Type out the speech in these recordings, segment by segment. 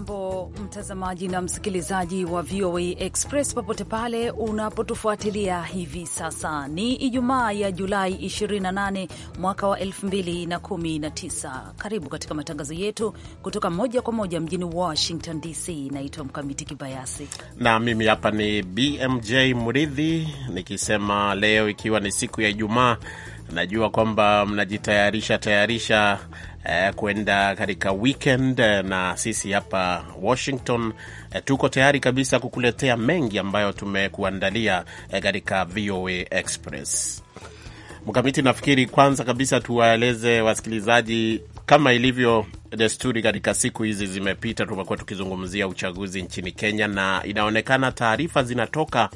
Hujambo mtazamaji na msikilizaji wa VOA Express popote pale unapotufuatilia hivi sasa. Ni Ijumaa ya Julai 28 mwaka wa 2019. Karibu katika matangazo yetu kutoka moja kwa moja mjini Washington DC. Naitwa Mkamiti Kibayasi na mimi hapa ni BMJ Mridhi nikisema leo ikiwa ni siku ya Ijumaa, najua kwamba mnajitayarisha tayarisha, tayarisha eh, kwenda katika weekend eh, na sisi hapa Washington eh, tuko tayari kabisa kukuletea mengi ambayo tumekuandalia eh, katika VOA Express. Mkamiti, nafikiri kwanza kabisa tuwaeleze wasikilizaji kama ilivyo desturi katika siku hizi zimepita, tumekuwa tukizungumzia uchaguzi nchini Kenya, na inaonekana taarifa zinatoka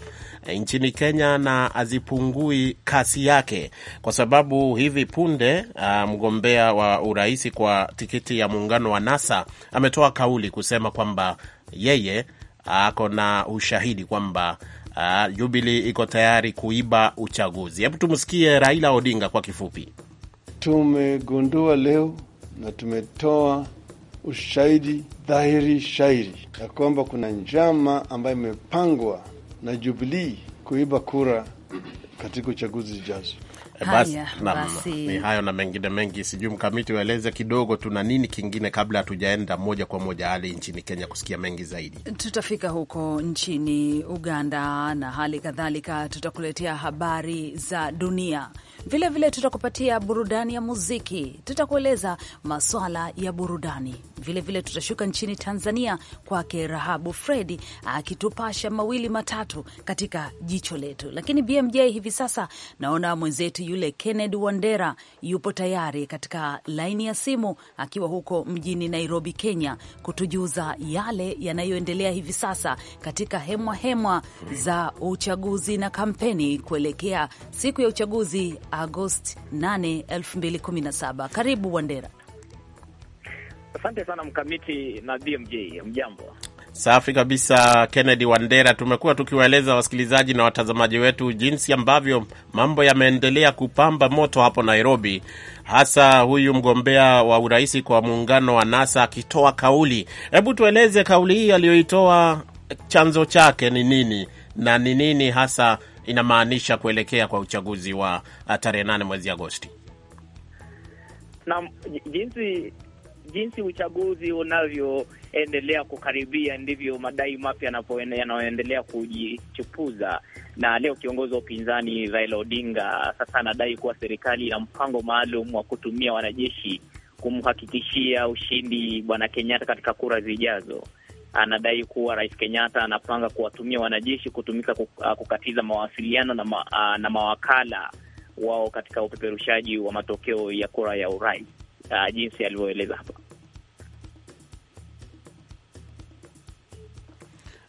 eh, nchini Kenya na hazipungui kasi yake, kwa sababu hivi punde uh, mgombea wa urais kwa tikiti ya muungano wa NASA ametoa kauli kusema kwamba yeye ah, ako uh, na ushahidi kwamba uh, Jubilee iko tayari kuiba uchaguzi. Hebu tumsikie Raila Odinga kwa kifupi. Tumegundua leo na tumetoa ushahidi dhahiri shahiri ya kwamba kuna njama ambayo imepangwa na Jubilii kuiba kura katika uchaguzi zijazo. Eh, bas, basi ni hayo na mengine mengi, sijui mkamiti ueleze kidogo tuna nini kingine kabla hatujaenda moja kwa moja hali nchini Kenya kusikia mengi zaidi. Tutafika huko nchini Uganda na hali kadhalika tutakuletea habari za dunia vilevile, tutakupatia burudani ya muziki, tutakueleza maswala ya burudani. Vilevile vile tutashuka nchini Tanzania kwake Rahabu Fredi akitupasha mawili matatu katika jicho letu. Lakini BMJ, hivi sasa naona mwenzetu yule Kennedy Wandera yupo tayari katika laini ya simu akiwa huko mjini Nairobi, Kenya, kutujuza yale yanayoendelea hivi sasa katika hemwa hemwa za uchaguzi na kampeni kuelekea siku ya uchaguzi Agosti 8, 2017. Karibu Wandera. Asante sana mkamiti na BMJ. Mjambo. Safi kabisa, Kennedy Wandera. Tumekuwa tukiwaeleza wasikilizaji na watazamaji wetu jinsi ambavyo mambo yameendelea kupamba moto hapo Nairobi, hasa huyu mgombea wa urais kwa muungano wa NASA akitoa kauli. Hebu tueleze kauli hii aliyoitoa, chanzo chake ni nini na ni nini hasa inamaanisha kuelekea kwa uchaguzi wa ah, tarehe nane mwezi Agosti. Na jinsi jinsi uchaguzi unavyoendelea kukaribia ndivyo madai mapya yanayoendelea kujichupuza Na leo kiongozi wa upinzani Raila Odinga sasa anadai kuwa serikali ina mpango maalum wa kutumia wanajeshi kumhakikishia ushindi Bwana Kenyatta katika kura zijazo. Anadai kuwa Rais Kenyatta anapanga kuwatumia wanajeshi kutumika uh, kukatiza mawasiliano na, ma, uh, na mawakala wao katika upeperushaji wa matokeo ya kura ya urais uh, jinsi alivyoeleza hapa.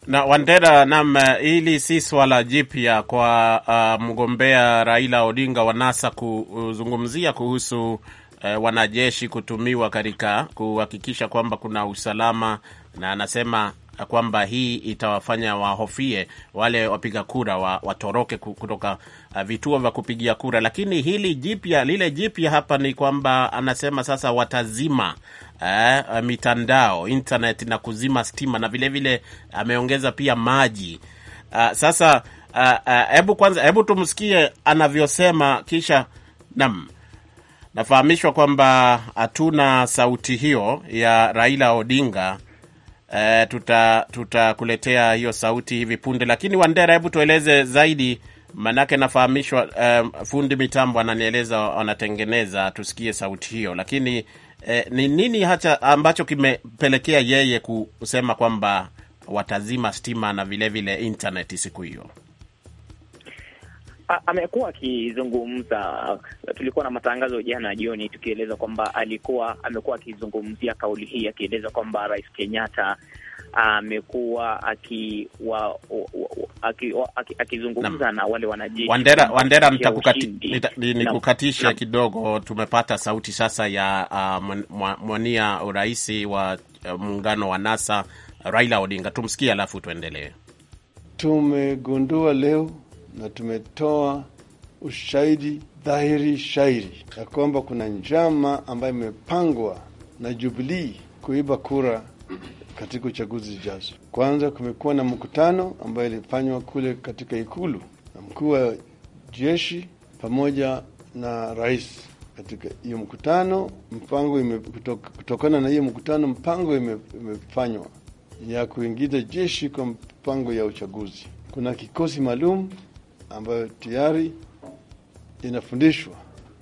Na Wandera, nam, hili si swala jipya kwa uh, mgombea Raila Odinga wa NASA kuzungumzia kuhusu uh, wanajeshi kutumiwa katika kuhakikisha kwamba kuna usalama, na anasema kwamba hii itawafanya wahofie wale wapiga kura wa, watoroke kutoka uh, vituo vya kupigia kura. Lakini hili jipya, lile jipya hapa ni kwamba anasema sasa watazima uh, mitandao internet na kuzima stima na vilevile ameongeza pia maji uh, sasa hebu uh, uh, kwanza hebu tumsikie anavyosema kisha nam nafahamishwa kwamba hatuna sauti hiyo ya Raila Odinga eh, tutakuletea tuta hiyo sauti hivi punde. Lakini Wandera, hebu tueleze zaidi, manake nafahamishwa eh, fundi mitambo ananieleza wanatengeneza, tusikie sauti hiyo. Lakini eh, ni nini hacha ambacho kimepelekea yeye kusema kwamba watazima stima na vilevile intaneti siku hiyo? amekuwa akizungumza. Tulikuwa na matangazo jana jioni tukieleza kwamba alikuwa amekuwa akizungumzia kauli hii, akieleza kwamba Rais Kenyatta amekuwa akizungumza na wale wanajeshi. Wandera, Wandera, nikukatishe kidogo. Tumepata sauti sasa ya uh, mwania urais wa uh, muungano wa NASA Raila Odinga. Tumsikie alafu tuendelee. Tumegundua leo na tumetoa ushahidi dhahiri shairi ya kwamba kuna njama ambayo imepangwa na Jubilii kuiba kura katika uchaguzi zijazo. Kwanza kumekuwa na mkutano ambayo ilifanywa kule katika Ikulu na mkuu wa jeshi pamoja na rais. Katika hiyo mkutano mpango ime, kutok, kutokana na hiyo mkutano mpango ime, imefanywa ya kuingiza jeshi kwa mpango ya uchaguzi. Kuna kikosi maalum ambayo tayari inafundishwa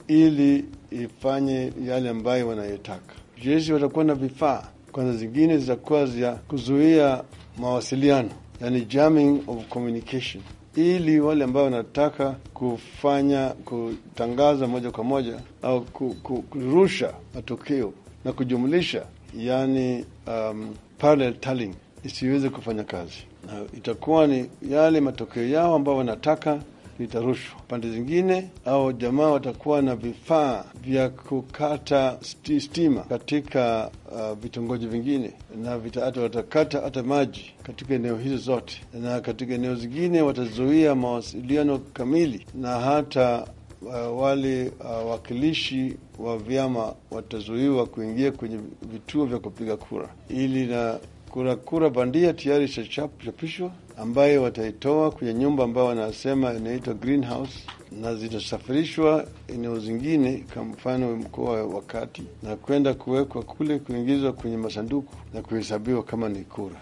ili ifanye yale ambayo wanayotaka. Jeshi watakuwa na vifaa kwanza, zingine zitakuwa za kuzuia mawasiliano, yani jamming of communication, ili wale ambao wanataka kufanya kutangaza moja kwa moja au kurusha matokeo na kujumlisha, yani um, parallel isiweze kufanya kazi na itakuwa ni yale matokeo yao ambayo wanataka itarushwa pande zingine, au jamaa watakuwa na vifaa vya kukata sti stima katika uh, vitongoji vingine, na vitaato watakata hata maji katika eneo hizo zote, na katika eneo zingine watazuia mawasiliano kamili, na hata uh, wale uh, wakilishi wa vyama watazuiwa kuingia kwenye vituo vya kupiga kura, ili na kuna kura bandia tayari ishachapishwa ambayo wataitoa kwenye nyumba ambayo wanasema inaitwa greenhouse na zitasafirishwa eneo zingine, kwa mfano mkoa wa Kati, na kwenda kuwekwa kule, kuingizwa kwenye masanduku na kuhesabiwa kama ni kura.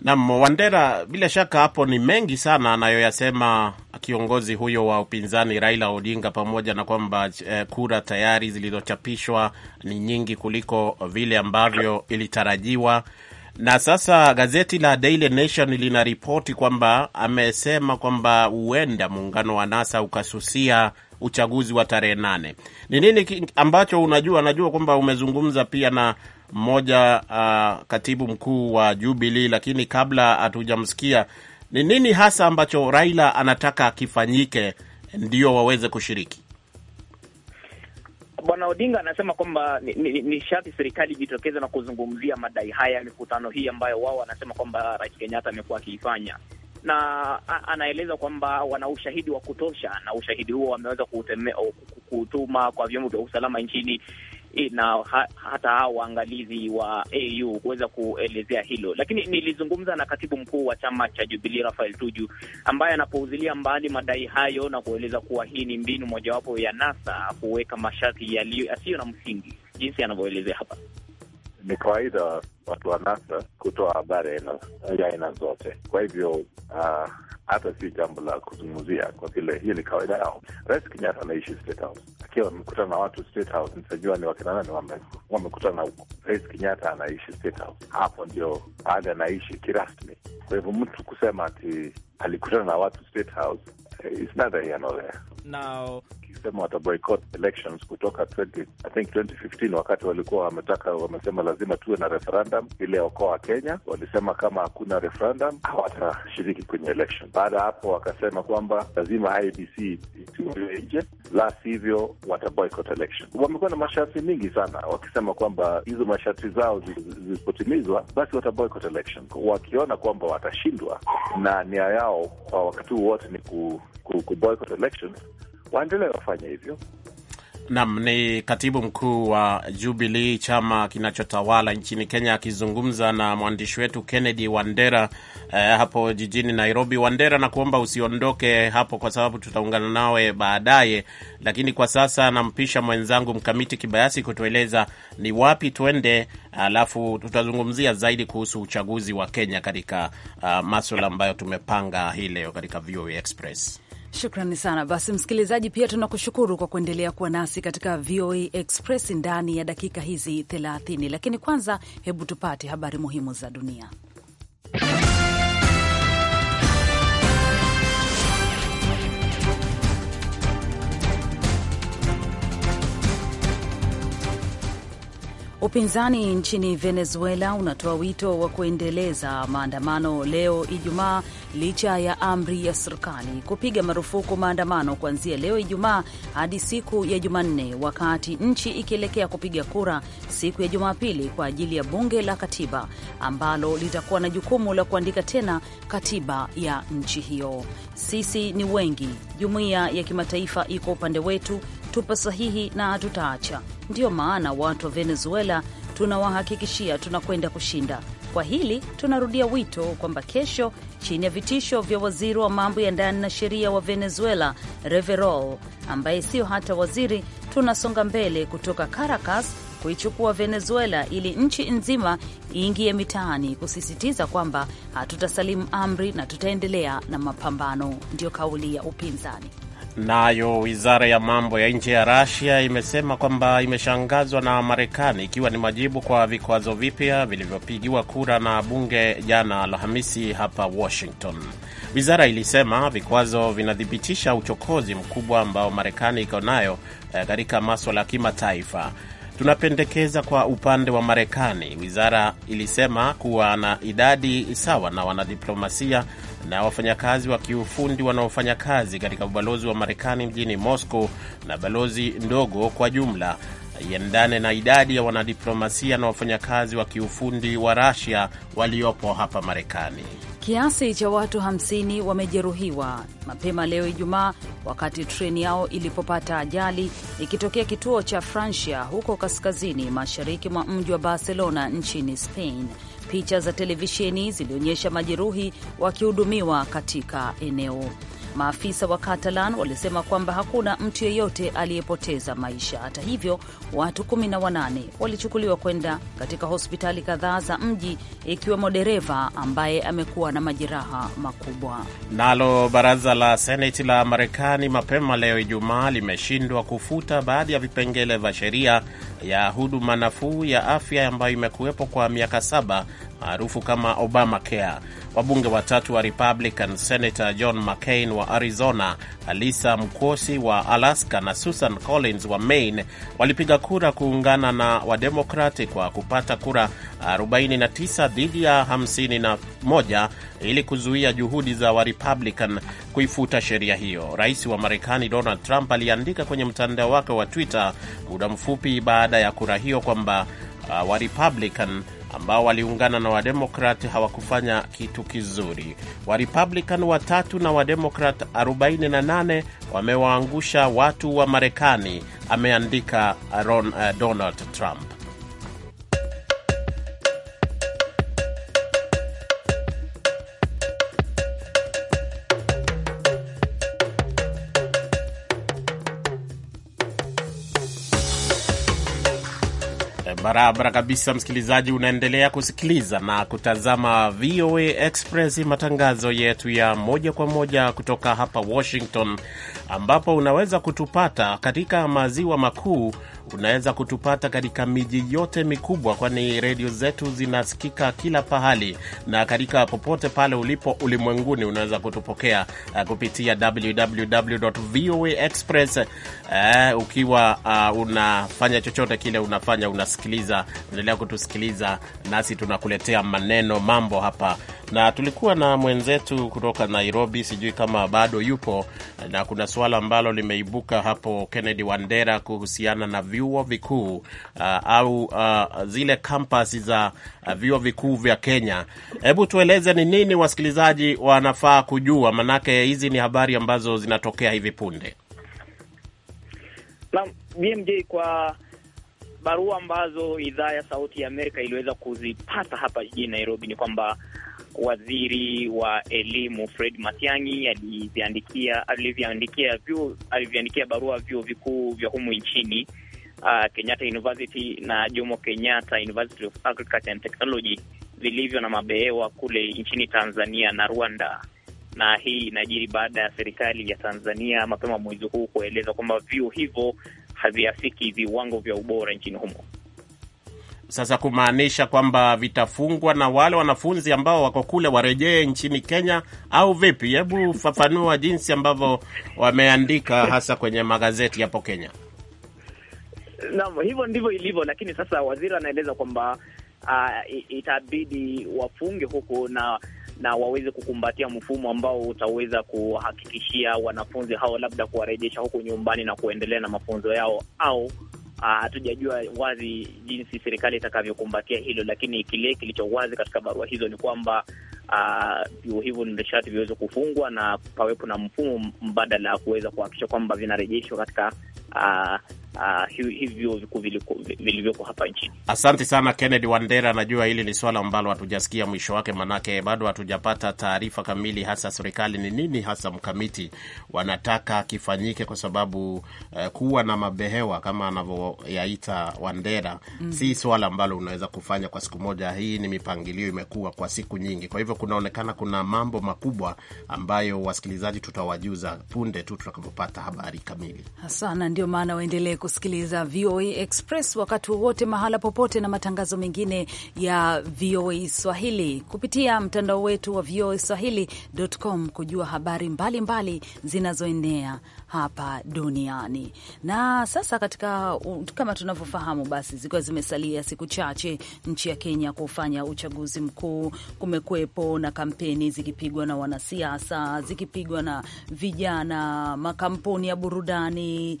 nam Wandera, bila shaka hapo ni mengi sana anayoyasema kiongozi huyo wa upinzani Raila Odinga, pamoja na kwamba eh, kura tayari zilizochapishwa ni nyingi kuliko vile ambavyo ilitarajiwa na sasa gazeti la Daily Nation linaripoti kwamba amesema kwamba huenda muungano wa NASA ukasusia uchaguzi wa tarehe nane. Ni nini ambacho unajua? Najua kwamba umezungumza pia na mmoja uh, katibu mkuu wa Jubilee, lakini kabla hatujamsikia, ni nini hasa ambacho Raila anataka akifanyike ndio waweze kushiriki? Bwana Odinga anasema kwamba ni, ni, ni sharti serikali ijitokeze na kuzungumzia madai haya, ya mikutano hii ambayo wao wanasema kwamba Rais Kenyatta amekuwa akiifanya, na a, anaeleza kwamba wana ushahidi wa kutosha, na ushahidi huo wameweza kuutuma kwa vyombo vya usalama nchini Eh, na ha, hata hao waangalizi wa AU kuweza kuelezea hilo, lakini mm. nilizungumza na katibu mkuu wa chama cha Jubilee Rafael Tuju ambaye anapouzilia mbali madai hayo na kueleza kuwa hii ni mbinu mojawapo ya NASA kuweka masharti yasiyo na msingi, jinsi anavyoelezea hapa. Ni kawaida watu wa NASA kutoa habari ya aina zote, kwa hivyo uh, hata si jambo la kuzungumzia, kwa vile hiyo ni kawaida yao. Rais Kenyatta anaishi State House, akiwa amekutana na watu State House, nitajua ni wakina nani wamekutana huko. Rais Kenyatta anaishi State House, hapo ndio baada anaishi kirasmi. Kwa hivyo mtu kusema ati alikutana na watu State House, eh, It's there. Now wakisema wata boycott elections kutoka 20, I think 2015 wakati walikuwa wametaka wamesema lazima tuwe na referendum ile ya okoa Kenya. Walisema kama hakuna referendum hawatashiriki kwenye election. Baada ya hapo wakasema kwamba lazima IBC itiwe nje, la sivyo wata boycott election. Wamekuwa na masharti mingi sana, wakisema kwamba hizo masharti zao zisipotimizwa basi wata boycott election, wakiona kwamba watashindwa na nia yao kwa wakati wote ni ku, ku, ku boycott waendelee wafanye hivyo. Nam ni katibu mkuu wa Jubilee, chama kinachotawala nchini Kenya, akizungumza na mwandishi wetu Kennedy Wandera eh, hapo jijini Nairobi. Wandera, na kuomba usiondoke hapo, kwa sababu tutaungana nawe baadaye, lakini kwa sasa nampisha mwenzangu Mkamiti Kibayasi kutueleza ni wapi tuende, alafu tutazungumzia zaidi kuhusu uchaguzi wa Kenya katika uh, maswala ambayo tumepanga hii leo katika VOA Express. Shukrani sana. Basi msikilizaji, pia tunakushukuru kwa kuendelea kuwa nasi katika VOA Express ndani ya dakika hizi 30, lakini kwanza, hebu tupate habari muhimu za dunia. Upinzani nchini Venezuela unatoa wito wa kuendeleza maandamano leo Ijumaa licha ya amri ya serikali kupiga marufuku maandamano kuanzia leo Ijumaa hadi siku ya Jumanne, wakati nchi ikielekea kupiga kura siku ya Jumapili kwa ajili ya bunge la katiba ambalo litakuwa na jukumu la kuandika tena katiba ya nchi hiyo. Sisi ni wengi, jumuiya ya kimataifa iko upande wetu tupa sahihi na hatutaacha Ndiyo maana watu wa Venezuela tunawahakikishia tunakwenda kushinda. Kwa hili tunarudia wito kwamba kesho, chini ya vitisho vya waziri wa mambo ya ndani na sheria wa Venezuela Reverol, ambaye siyo hata waziri, tunasonga mbele kutoka Caracas kuichukua Venezuela ili nchi nzima iingie mitaani, kusisitiza kwamba hatutasalimu amri na tutaendelea na mapambano. Ndiyo kauli ya upinzani. Nayo na wizara ya mambo ya nje ya Rasia imesema kwamba imeshangazwa na Marekani, ikiwa ni majibu kwa vikwazo vipya vilivyopigiwa kura na bunge jana Alhamisi hapa Washington. Wizara ilisema vikwazo vinathibitisha uchokozi mkubwa ambao Marekani iko nayo eh, katika maswala ya kimataifa. Tunapendekeza kwa upande wa Marekani, wizara ilisema, kuwa na idadi sawa na wanadiplomasia na wafanyakazi wa kiufundi wanaofanya kazi katika ubalozi wa Marekani mjini Moscow na balozi ndogo kwa jumla iendane na idadi ya wanadiplomasia na wafanyakazi wa kiufundi wa Rasia waliopo hapa Marekani. Kiasi cha watu 50 wamejeruhiwa mapema leo Ijumaa, wakati treni yao ilipopata ajali ikitokea kituo cha Francia huko kaskazini mashariki mwa mji wa Barcelona nchini Spain. Picha za televisheni zilionyesha majeruhi wakihudumiwa katika eneo. Maafisa wa Catalan walisema kwamba hakuna mtu yeyote aliyepoteza maisha. Hata hivyo, watu 18 walichukuliwa kwenda katika hospitali kadhaa za mji, ikiwemo dereva ambaye amekuwa na majeraha makubwa. Nalo baraza la Seneti la Marekani mapema leo Ijumaa limeshindwa kufuta baadhi ya vipengele vya sheria ya huduma nafuu ya afya ambayo imekuwepo kwa miaka saba maarufu kama Obamacare. Wabunge watatu wa Republican, Senator John McCain wa Arizona, Alisa Mkosi wa Alaska na Susan Collins wa Maine, walipiga kura kuungana na Wademokrati kwa kupata kura 49 dhidi ya 51 ili kuzuia juhudi za Warepublican kuifuta sheria hiyo. Rais wa Marekani Donald Trump aliandika kwenye mtandao wake wa Twitter muda mfupi baada ya kura hiyo kwamba uh, Warepublican ambao waliungana na Wademokrat hawakufanya kitu kizuri. Warepublican watatu na Wademokrat 48 wamewaangusha watu wa Marekani, ameandika Ron, uh, Donald Trump. Barabara kabisa, msikilizaji, unaendelea kusikiliza na kutazama VOA Express, matangazo yetu ya moja kwa moja kutoka hapa Washington, ambapo unaweza kutupata katika maziwa makuu, unaweza kutupata katika miji yote mikubwa, kwani redio zetu zinasikika kila pahali na katika popote pale ulipo ulimwenguni, unaweza kutupokea uh, kupitia express uh, ukiwa uh, unafanya chochote kile unafanya unasikiliza kusikiliza, endelea kutusikiliza, nasi tunakuletea maneno mambo hapa, na tulikuwa na mwenzetu kutoka Nairobi, sijui kama bado yupo, na kuna suala ambalo limeibuka hapo, Kennedy Wandera, kuhusiana na vyuo vikuu uh, au uh, zile kampasi za uh, vyuo vikuu vya Kenya. Hebu tueleze ni nini wasikilizaji wanafaa kujua, manake hizi ni habari ambazo zinatokea hivi punde. BMJ kwa barua ambazo idhaa ya Sauti ya Amerika iliweza kuzipata hapa jijini Nairobi ni kwamba waziri wa elimu Fred Matiang'i aliziandikia alivyoandikia vyuo alivyoandikia barua vyuo vikuu vya humu nchini uh, Kenyatta University na Jomo Kenyatta University of Agriculture and Technology vilivyo na mabehewa kule nchini Tanzania na Rwanda. Na hii inajiri baada ya serikali ya Tanzania mapema mwezi huu kueleza kwamba vyuo hivyo haviafiki viwango vya ubora nchini humo. Sasa kumaanisha kwamba vitafungwa na wale wanafunzi ambao wako kule warejee nchini Kenya au vipi? Hebu fafanua jinsi ambavyo wameandika hasa kwenye magazeti hapo Kenya. Naam, hivyo ndivyo ilivyo, lakini sasa waziri anaeleza kwamba uh, itabidi wafunge huku na na waweze kukumbatia mfumo ambao utaweza kuhakikishia wanafunzi hao labda kuwarejesha huku nyumbani na kuendelea na mafunzo yao au ah, hatujajua uh, wazi jinsi serikali itakavyokumbatia hilo, lakini kile kilicho wazi katika barua hizo ni kwamba ah, vyuo uh, hivyo ni nishati viweze kufungwa na pawepo na mfumo mbadala ya kuweza kuhakikisha kwamba vinarejeshwa katika uh, uh, hivyo vikuu vilivyoko hapa nchini. Asante sana Kennedy Wandera, najua hili ni swala ambalo hatujasikia mwisho wake, manake bado hatujapata taarifa kamili, hasa serikali ni nini hasa mkamiti wanataka kifanyike, kwa sababu uh, kuwa na mabehewa kama anavyoyaita Wandera mm, si swala ambalo unaweza kufanya kwa siku moja. Hii ni mipangilio imekuwa kwa siku nyingi, kwa hivyo kunaonekana kuna mambo makubwa ambayo wasikilizaji tutawajuza punde tu tutakapopata habari kamili ndio maana waendelee kusikiliza VOA Express wakati wowote, mahala popote, na matangazo mengine ya VOA Swahili kupitia mtandao wetu wa voa swahilicom kujua habari mbalimbali zinazoenea hapa duniani. Na sasa katika kama tunavyofahamu, basi zikiwa zimesalia siku chache nchi ya Kenya kufanya uchaguzi mkuu, kumekuwepo na kampeni zikipigwa na wanasiasa, zikipigwa na vijana, makampuni ya burudani,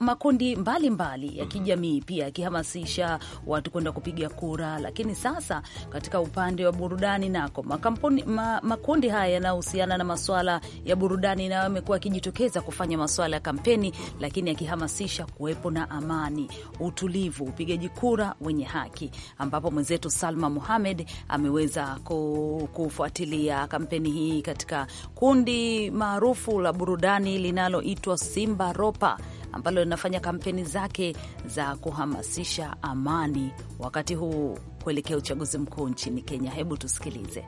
makundi mbalimbali mbali ya mhm. kijamii pia yakihamasisha watu kwenda kupiga kura. Lakini sasa katika upande wa burudani nako makampuni, ma, makundi haya yanayohusiana na masuala ya burudani nayo yamekuwa yakijitokeza kufanya masuala ya kampeni, lakini akihamasisha kuwepo na amani, utulivu, upigaji kura wenye haki, ambapo mwenzetu Salma Muhamed ameweza kufuatilia kampeni hii katika kundi maarufu la burudani linaloitwa Simba Ropa ambalo linafanya kampeni zake za kuhamasisha amani wakati huu kuelekea uchaguzi mkuu nchini Kenya. Hebu tusikilize.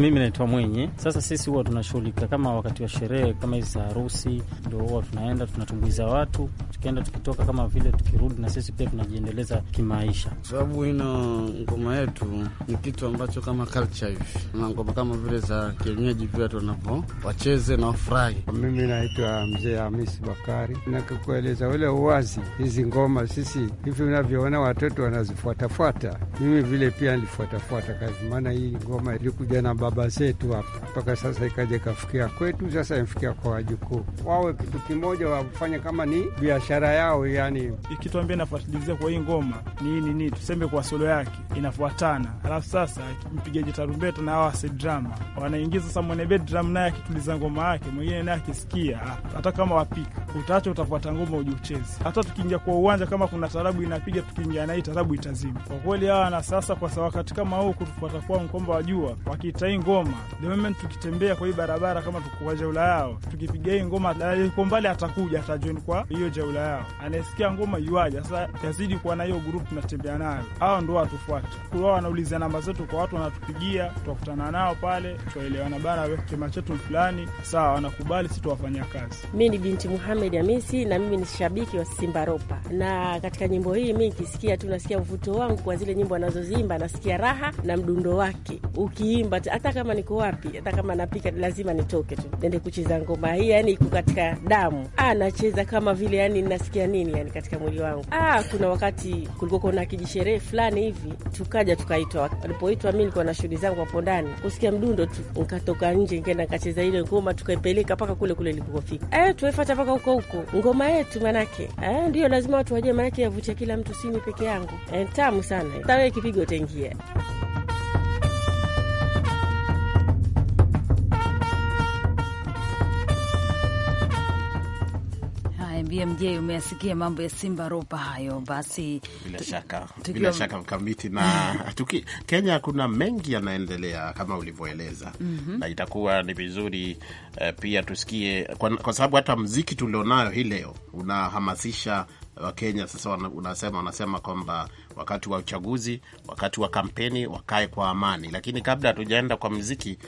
Mimi naitwa Mwenye. Sasa sisi huwa tunashughulika kama wakati wa sherehe kama hizi za harusi, ndo huwa tunaenda tunatumbuiza watu, tukienda tukitoka kama vile tukirudi, na sisi pia tunajiendeleza kimaisha, sababu ino ngoma yetu ni kitu ambacho kama culture hivi na ngoma kama vile za kienyeji vyetu wanapo wacheze na wafurahi. Mimi naitwa Mzee Hamisi Bakari, nakikueleza ule uwazi, hizi ngoma sisi hivi unavyoona watoto wanazifuatafuata, mimi vile pia nilifuatafuata kazi, maana hii ngoma ilikuja na baba baba zetu hapa mpaka sasa ikaja ikafikia kwetu, sasa imefikia kwa wajukuu, wawe kitu kimoja, wafanye kama ni biashara yao. Yani ikituambia inafuatilizia kwa hii ngoma ni nini, tuseme kwa solo yake inafuatana, alafu sasa mpigaji tarumbeta na awase drama wanaingiza sasa, mwenye bedram naye akituliza ngoma yake, mwingine naye akisikia, ah, hata kama wapika utaacha, utafuata ngoma ujuchezi. Hata tukiingia kwa uwanja, kama kuna tarabu inapiga, tukiingia na hii tarabu itazima. Kwa kweli hawa na sasa, kwa wakati kama huu, kutufuata kwao mkomba, wajua wakitai ngoma the tukitembea kwa hii barabara, kama tuko kwa jaula yao, tukipiga hii ngoma, eh, yuko mbali atakuja, atajoin kwa hiyo jaula yao, anasikia ngoma yuaja. Sasa tazidi kuwa na hiyo grupu tunatembea nayo, hao ndo watufuata wao, wanauliza namba zetu kwa watu, wanatupigia tunakutana nao pale, tuwaelewana bana, chama chetu fulani, sawa, wanakubali, si tuwafanyia kazi. Mi ni binti Muhamed Hamisi na mimi ni shabiki wa Simba Ropa, na katika nyimbo hii mi nikisikia tu nasikia mvuto wangu kwa zile nyimbo anazozimba, nasikia raha na mdundo wake ukiimba hata kama niko wapi, hata kama napika, lazima nitoke tu nende kucheza ngoma hii. Yani iko katika damu, ah, nacheza kama vile yani nasikia nini yani katika mwili wangu. Ah, kuna wakati kulikuwa na kijisherehe fulani hivi, tukaja tukaitwa. Walipoitwa mi nilikuwa na shughuli zangu hapo ndani, kusikia mdundo tu, nkatoka nje, nkaenda nkacheza ile ngoma, tukaipeleka mpaka kule kule ilikofika. Eh, tuefata mpaka huko huko ngoma yetu, manake eh, ndio lazima watu wajue, manake yavutia kila mtu, sini peke yangu. Eh, tamu sana tawe kipigo tengia BMJ, umeasikia mambo ya Simba ropa hayo. Basi bila shaka, bila shaka mkamiti na tuki, Kenya kuna mengi yanaendelea kama ulivyoeleza mm -hmm. na itakuwa ni vizuri uh, pia tusikie kwa, kwa sababu hata mziki tulionayo hii leo unahamasisha eh, Wakenya sasa unasema wanasema kwamba wakati wa uchaguzi, wakati wa kampeni wakae kwa amani. Lakini kabla hatujaenda kwa mziki,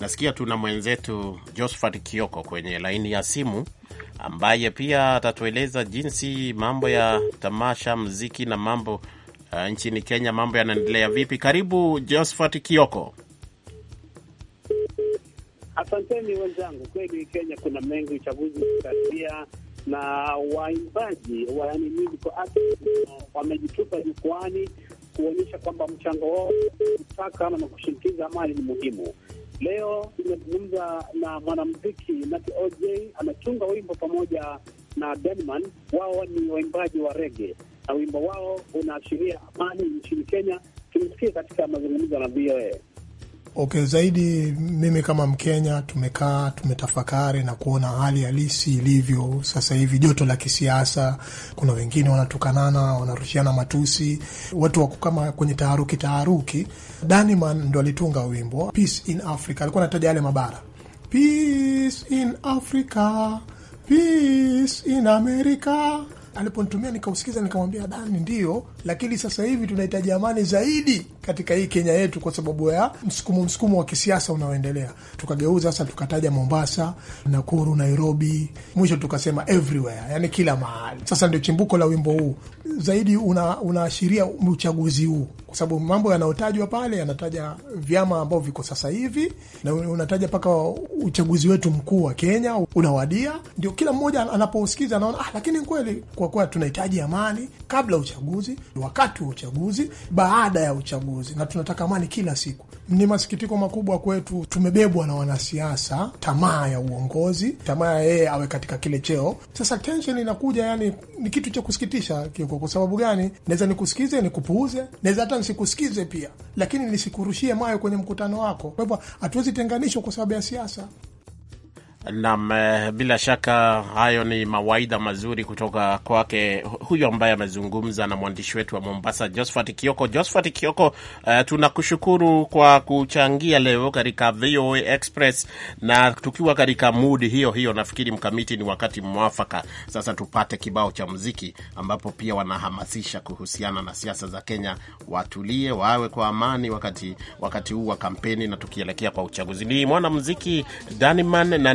nasikia tuna mwenzetu Josephat Kioko kwenye laini ya simu ambaye pia atatueleza jinsi mambo ya tamasha mziki na mambo uh, nchini Kenya mambo yanaendelea vipi. Karibu josphat Kioko. Asanteni wenzangu, kweli Kenya kuna mengi, uchaguzi ukikaribia na waimbaji yaani musical artists wamejitupa jukwani kuonyesha kwamba mchango wao kutaka na kushinikiza amani ni muhimu. Leo tumezungumza na mwanamuziki Nati OJ, amechunga wimbo pamoja na Denman. Wao ni waimbaji wa rege na wimbo wao unaashiria amani nchini Kenya. Tumesikia katika mazungumzo na VOA. Okay, zaidi mimi kama Mkenya tumekaa tumetafakari na kuona hali halisi ilivyo sasa hivi, joto la kisiasa. Kuna wengine wanatukanana, wanarushiana matusi, watu wako kama kwenye taharuki taharuki. Daniman ndo alitunga wimbo Peace in Africa, alikuwa anataja yale mabara, Peace in Africa, Peace in America. Aliponitumia nikausikiza, nikamwambia Dani, ndio lakini sasa hivi tunahitaji amani zaidi katika hii Kenya yetu, kwa sababu ya msukumo msukumo wa kisiasa unaoendelea. Tukageuza sasa, tukataja Mombasa, Nakuru, Nairobi, mwisho tukasema everywhere, yani kila mahali. Sasa ndio chimbuko la wimbo huu zaidi unaashiria una uchaguzi huu, kwa sababu mambo yanayotajwa pale yanataja vyama ambavyo viko sasa hivi na unataja mpaka uchaguzi wetu mkuu wa Kenya unawadia. Ndio kila mmoja anaposikiza anaona ah, lakini kweli kwa kuwa tunahitaji amani kabla uchaguzi, wakati wa uchaguzi, baada ya uchaguzi, na tunataka amani kila siku. Ni masikitiko makubwa kwetu, tumebebwa na wanasiasa, tamaa ya uongozi, tamaa ya yeye awe katika kile cheo. Sasa tension inakuja, yani ni kitu cha kusikitisha kiko. Kwa sababu gani? Naweza nikusikize, nikupuuze, naweza hata nisikusikize pia, lakini nisikurushie mawe kwenye mkutano wako. Kwa hivyo hatuwezi tenganishwa kwa sababu ya siasa. Naam, eh, bila shaka hayo ni mawaidha mazuri kutoka kwake huyo ambaye amezungumza na mwandishi wetu wa Mombasa, Josphat Kioko. Josphat Kioko, uh, tunakushukuru kwa kuchangia leo katika VOA Express, na tukiwa katika mudi hiyo hiyo, nafikiri mkamiti ni wakati mwafaka sasa tupate kibao cha muziki, ambapo pia wanahamasisha kuhusiana na siasa za Kenya, watulie, wawe kwa amani wakati wakati huu wa kampeni na tukielekea kwa uchaguzi. Ni mwanamuziki Daniman na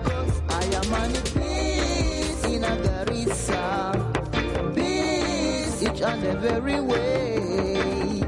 each and every way.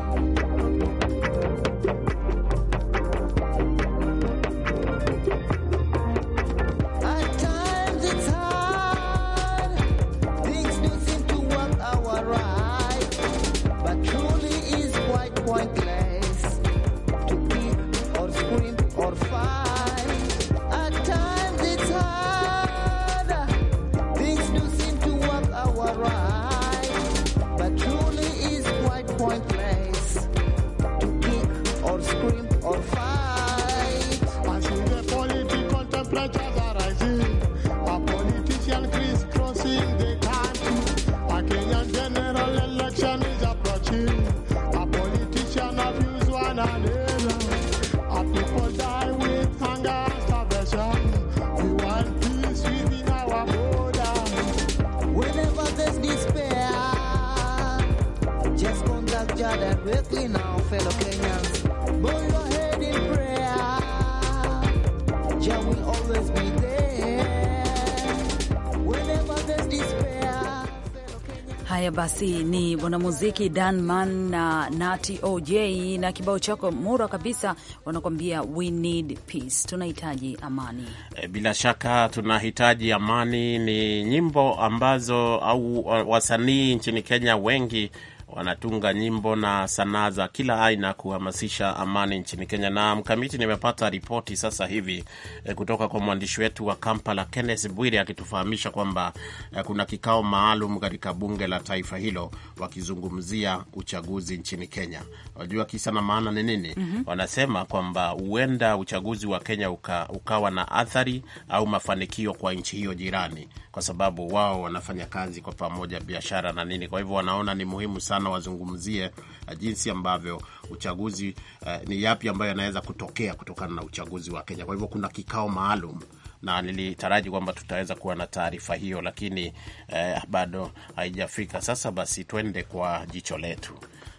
Haya basi, ni mwanamuziki Danman na Nati OJ na kibao chako mura kabisa, wanakuambia we need peace, tunahitaji amani. Eh, bila shaka tunahitaji amani, ni nyimbo ambazo au wasanii nchini Kenya wengi wanatunga nyimbo na sanaa za kila aina kuhamasisha amani nchini Kenya. Na mkamiti, nimepata ripoti sasa hivi eh, kutoka kwa mwandishi wetu wa Kampala, Kenneth Bwire, akitufahamisha kwamba eh, kuna kikao maalum katika bunge la taifa hilo wakizungumzia uchaguzi nchini Kenya. Wajua kisa na maana ni nini? mm -hmm. Wanasema kwamba huenda uchaguzi wa Kenya uka, ukawa na athari au mafanikio kwa nchi hiyo jirani, kwa sababu wao wanafanya kazi kwa pamoja, biashara na nini. Kwa hivyo wanaona ni muhimu sana sana wazungumzie eh, jinsi ambavyo uchaguzi uh, ni yapi ambayo yanaweza kutokea kutokana na uchaguzi wa Kenya. Kwa hivyo kuna kikao maalum na nilitaraji kwamba tutaweza kuwa na taarifa hiyo, lakini eh, bado haijafika. Sasa basi, twende kwa jicho letu.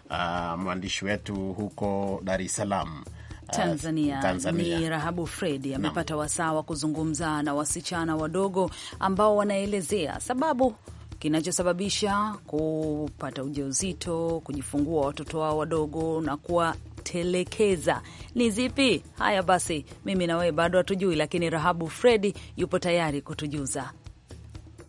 Uh, mwandishi wetu huko Dar es Salaam eh, Tanzania, Tanzania ni Rahabu Fredi amepata wasaa wa kuzungumza na wasichana wadogo ambao wanaelezea sababu kinachosababisha kupata ujauzito, kujifungua watoto wao wadogo na kuwatelekeza ni zipi? Haya basi, mimi na wewe bado hatujui, lakini Rahabu Fredi yupo tayari kutujuza.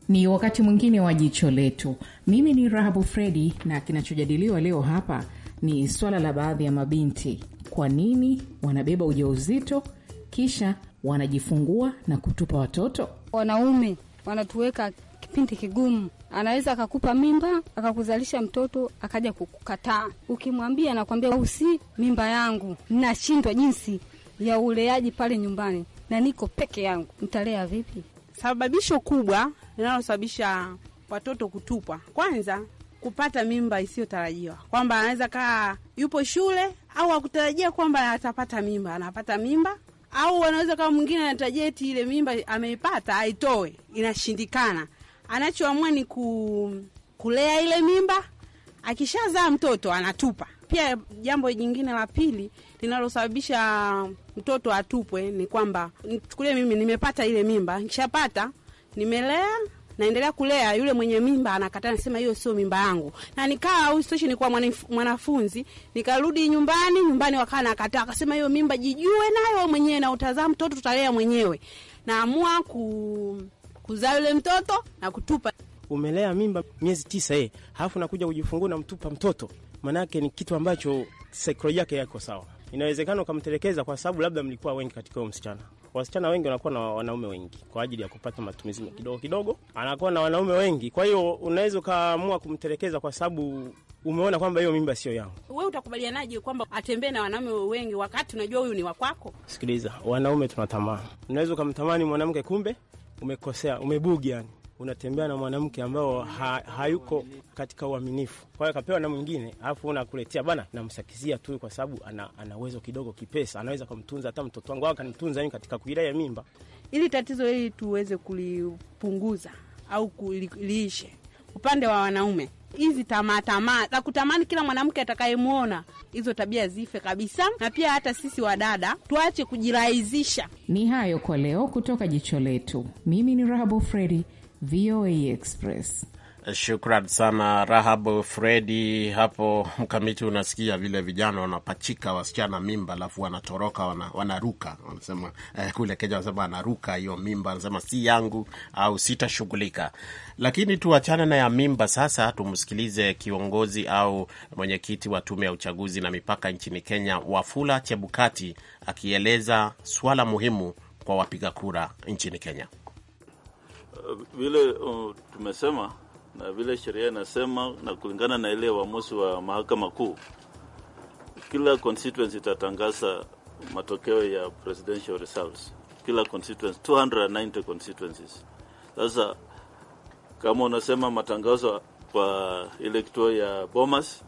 Ni wakati mwingine wa jicho letu. Mimi ni Rahabu Fredi na kinachojadiliwa leo hapa ni swala la baadhi ya mabinti, kwa nini wanabeba ujauzito kisha wanajifungua na kutupa watoto. Wanaume wanatuweka kipindi kigumu. Anaweza akakupa mimba akakuzalisha mtoto akaja kukukataa, ukimwambia nakwambia usi mimba yangu, nashindwa jinsi ya uleaji pale nyumbani na niko peke yangu, ntalea vipi? Sababisho kubwa linalosababisha watoto kutupwa, kwanza kupata mimba isiyotarajiwa, kwamba anaweza kaa yupo shule au akutarajia kwamba atapata mimba, anapata mimba au anaweza kama mwingine anatarajia eti ile mimba ameipata aitoe, inashindikana anachoamua ni ku, kulea ile mimba. Akishazaa mtoto anatupa. Pia jambo jingine la pili linalosababisha mtoto atupwe ni kwamba, chukulie mimi nimepata ile mimba, nkishapata nimelea naendelea kulea, yule mwenye mimba anakataa, nasema hiyo sio mimba yangu. Na nikaa au situation nilikuwa mwanafunzi, nikarudi nyumbani, nyumbani wakaa nakataa, akasema hiyo mimba jijue nayo mwenyewe na utazaa mtoto tutalea mwenyewe. Naamua ku kuzaa yule mtoto na kutupa. Umelea mimba miezi tisa eh, halafu nakuja kujifungua na mtupa mtoto, maanake ni kitu ambacho saikolojia yake yako sawa. Inawezekana ukamtelekeza kwa sababu labda mlikuwa wengi katika huyo msichana. Wasichana wengi wanakuwa na wanaume wengi kwa ajili ya kupata matumizi kidogo kidogo, anakuwa na wanaume wengi. Kwa hiyo unaweza ukaamua kumtelekeza kwa sababu umeona kwamba hiyo mimba sio yangu. We utakubalianaje kwamba atembee na wanaume wengi wakati unajua huyu ni wakwako? Sikiliza, wanaume tunatamaa. Unaweza ukamtamani mwanamke kumbe umekosea, umebugi yani unatembea na mwanamke ambao ha, hayuko katika uaminifu. Kwa hiyo akapewa na mwingine, alafu unakuletea bana, namsakizia tu kwa sababu ana, ana uwezo kidogo kipesa, anaweza kumtunza hata mtoto wangu au akanitunza mimi katika kuidai mimba. Ili tatizo hili tuweze kulipunguza au kuliishe, upande wa wanaume hizi tamaa tamaa za kutamani kila mwanamke atakayemwona, hizo tabia zife kabisa, na pia hata sisi wadada tuache kujirahisisha. Ni hayo kwa leo kutoka jicho letu. Mimi ni Rahabu Fredi, VOA Express. Shukran sana Rahabu Fredi. Hapo mkamiti, unasikia vile vijana wanapachika wasichana mimba, alafu wanatoroka wana, wanaruka wanasema eh, kule Kenya wanasema anaruka hiyo mimba, anasema si yangu au sitashughulika. Lakini tuachane na ya mimba sasa, tumsikilize kiongozi au mwenyekiti wa tume ya uchaguzi na mipaka nchini Kenya, Wafula Chebukati akieleza swala muhimu kwa wapiga kura nchini Kenya. Vile uh, tumesema na vile sheria inasema, na kulingana na ile uamuzi wa mahakama kuu, kila constituency itatangaza matokeo ya presidential results, kila constituency 290 constituencies. Sasa kama unasema matangazo kwa ile kituo ya Bomas,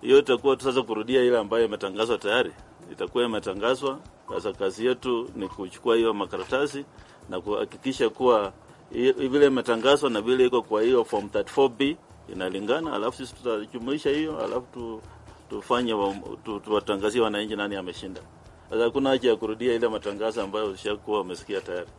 hiyo itakuwa sasa kurudia ile ambayo imetangazwa tayari, itakuwa imetangazwa sasa. Kazi yetu ni kuchukua hiyo makaratasi na kuhakikisha kuwa vile imetangazwa na vile iko kwa hiyo form 34B inalingana, alafu sisi tutajumuisha hiyo, alafu tu, tufanye tuwatangazie wananchi nani ameshinda. Sasa hakuna haja ya kurudia ile matangazo ambayo ushakuwa umesikia tayari.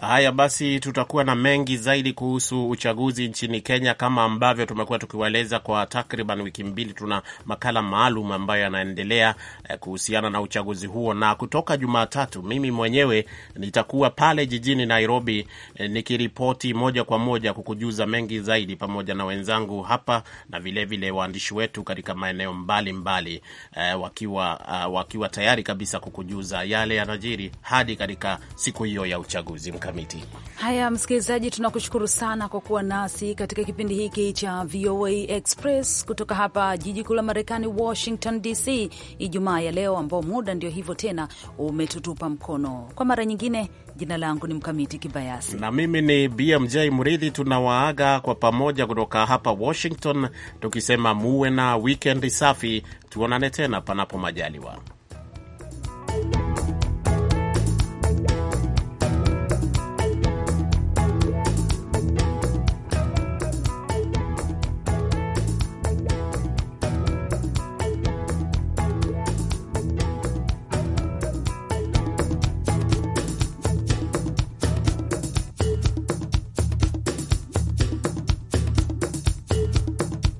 Haya basi, tutakuwa na mengi zaidi kuhusu uchaguzi nchini Kenya. Kama ambavyo tumekuwa tukiwaeleza kwa takriban wiki mbili, tuna makala maalum ambayo yanaendelea eh, kuhusiana na uchaguzi huo, na kutoka Jumatatu mimi mwenyewe nitakuwa pale jijini Nairobi eh, nikiripoti moja kwa moja kukujuza mengi zaidi, pamoja na wenzangu hapa na vilevile waandishi wetu katika maeneo mbalimbali mbali, eh, wakiwa, uh, wakiwa tayari kabisa kukujuza yale yanajiri hadi katika siku hiyo ya uchaguzi. Mkamiti. Haya, msikilizaji, tunakushukuru sana kwa kuwa nasi katika kipindi hiki cha VOA Express kutoka hapa jiji kuu la Marekani, Washington DC, Ijumaa ya leo, ambao muda ndio hivyo tena umetutupa mkono kwa mara nyingine. Jina langu ni Mkamiti Kibayasi na mimi ni BMJ Mridhi. Tunawaaga kwa pamoja kutoka hapa Washington tukisema muwe na wikendi safi, tuonane tena panapo majaliwa.